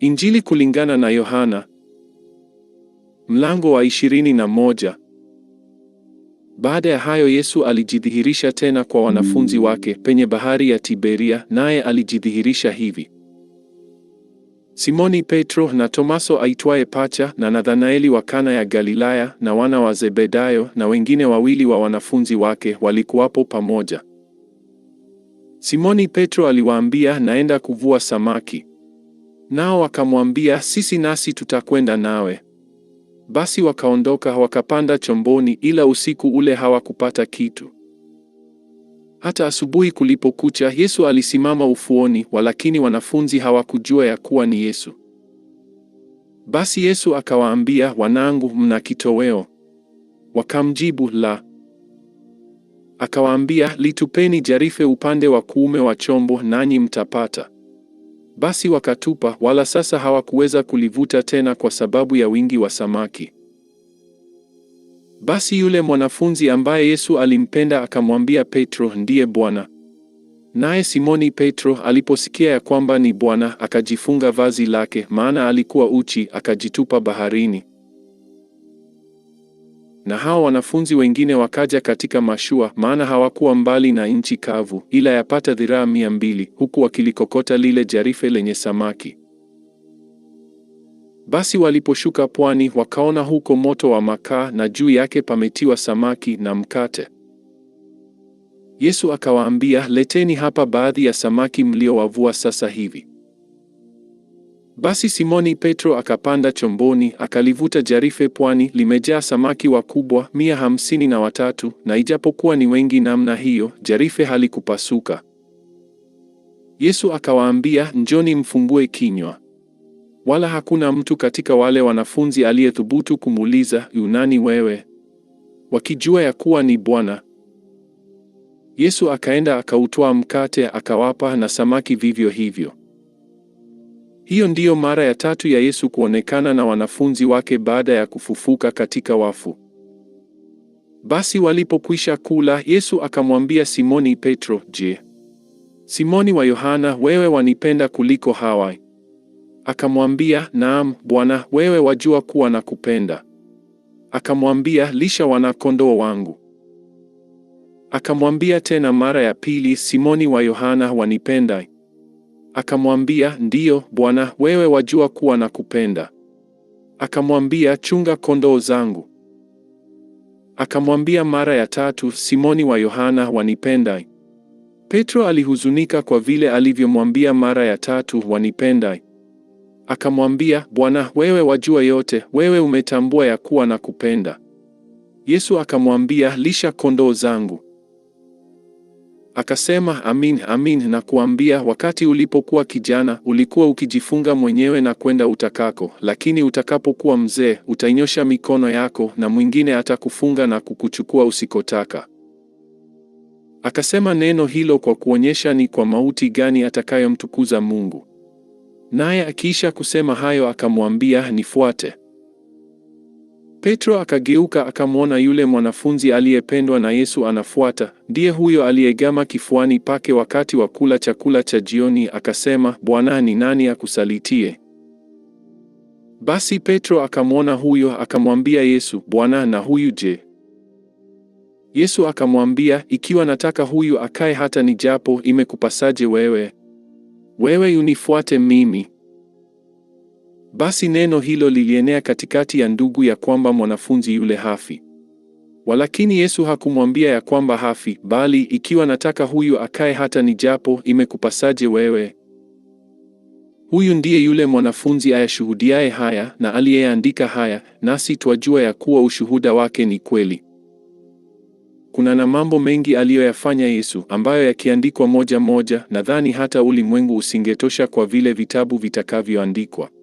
Injili kulingana na Yohana mlango wa 21. Baada ya hayo Yesu alijidhihirisha tena kwa wanafunzi wake penye bahari ya Tiberia, naye alijidhihirisha hivi: Simoni Petro na Tomaso aitwaye Pacha na Nathanaeli wa Kana ya Galilaya na wana wa Zebedayo na wengine wawili wa wanafunzi wake walikuwapo pamoja. Simoni Petro aliwaambia, naenda kuvua samaki. Nao wakamwambia, sisi nasi tutakwenda nawe. Basi wakaondoka wakapanda chomboni, ila usiku ule hawakupata kitu. Hata asubuhi kulipokucha, Yesu alisimama ufuoni, walakini wanafunzi hawakujua ya kuwa ni Yesu. Basi Yesu akawaambia, wanangu, mna kitoweo? Wakamjibu, la. Akawaambia, litupeni jarife upande wa kuume wa chombo, nanyi mtapata. Basi wakatupa, wala sasa hawakuweza kulivuta tena kwa sababu ya wingi wa samaki. Basi yule mwanafunzi ambaye Yesu alimpenda akamwambia Petro, ndiye Bwana. Naye Simoni Petro aliposikia ya kwamba ni Bwana, akajifunga vazi lake, maana alikuwa uchi, akajitupa baharini na hao wanafunzi wengine wakaja katika mashua, maana hawakuwa mbali na nchi kavu, ila yapata dhiraa mia mbili, huku wakilikokota lile jarife lenye samaki. Basi waliposhuka pwani, wakaona huko moto wa makaa, na juu yake pametiwa samaki na mkate. Yesu akawaambia, leteni hapa baadhi ya samaki mliowavua sasa hivi. Basi Simoni Petro akapanda chomboni akalivuta jarife pwani, limejaa samaki wakubwa mia hamsini na watatu, na ijapokuwa ni wengi namna hiyo, jarife halikupasuka. Yesu akawaambia, njoni mfungue kinywa. Wala hakuna mtu katika wale wanafunzi aliyethubutu kumuuliza Yunani wewe, wakijua ya kuwa ni Bwana. Yesu akaenda akautwaa mkate akawapa, na samaki vivyo hivyo. Hiyo ndiyo mara ya tatu ya Yesu kuonekana na wanafunzi wake baada ya kufufuka katika wafu. Basi walipokwisha kula, Yesu akamwambia Simoni Petro, Je, Simoni wa Yohana, wewe wanipenda kuliko hawa? Akamwambia, Naam Bwana, wewe wajua kuwa nakupenda. Akamwambia, lisha wanakondoo wangu. Akamwambia tena mara ya pili, Simoni wa Yohana, wanipenda? Akamwambia, ndiyo Bwana, wewe wajua kuwa nakupenda. Akamwambia, chunga kondoo zangu. Akamwambia mara ya tatu, Simoni wa Yohana, wanipenda? Petro alihuzunika kwa vile alivyomwambia mara ya tatu, wanipenda? Akamwambia, Bwana, wewe wajua yote, wewe umetambua ya kuwa nakupenda. Yesu akamwambia, lisha kondoo zangu. Akasema, amin amin, na kuambia, wakati ulipokuwa kijana ulikuwa ukijifunga mwenyewe na kwenda utakako, lakini utakapokuwa mzee utainyosha mikono yako, na mwingine atakufunga na kukuchukua usikotaka. Akasema neno hilo kwa kuonyesha ni kwa mauti gani atakayomtukuza Mungu. Naye akiisha kusema hayo, akamwambia, nifuate. Petro akageuka akamwona yule mwanafunzi aliyependwa na Yesu anafuata, ndiye huyo aliyegama kifuani pake wakati wa kula chakula cha jioni, akasema, Bwana, ni nani akusalitie? Basi Petro akamwona huyo, akamwambia Yesu, Bwana, na huyu je? Yesu akamwambia, ikiwa nataka huyu akae hata nijapo, imekupasaje wewe? Wewe unifuate mimi. Basi neno hilo lilienea katikati ya ndugu ya kwamba mwanafunzi yule hafi. Walakini Yesu hakumwambia ya kwamba hafi, bali ikiwa nataka huyu akae hata ni japo, imekupasaje wewe? Huyu ndiye yule mwanafunzi ayashuhudiaye haya na aliyeandika haya, nasi twajua ya kuwa ushuhuda wake ni kweli. Kuna na mambo mengi aliyoyafanya Yesu ambayo yakiandikwa moja moja, nadhani hata ulimwengu usingetosha kwa vile vitabu vitakavyoandikwa.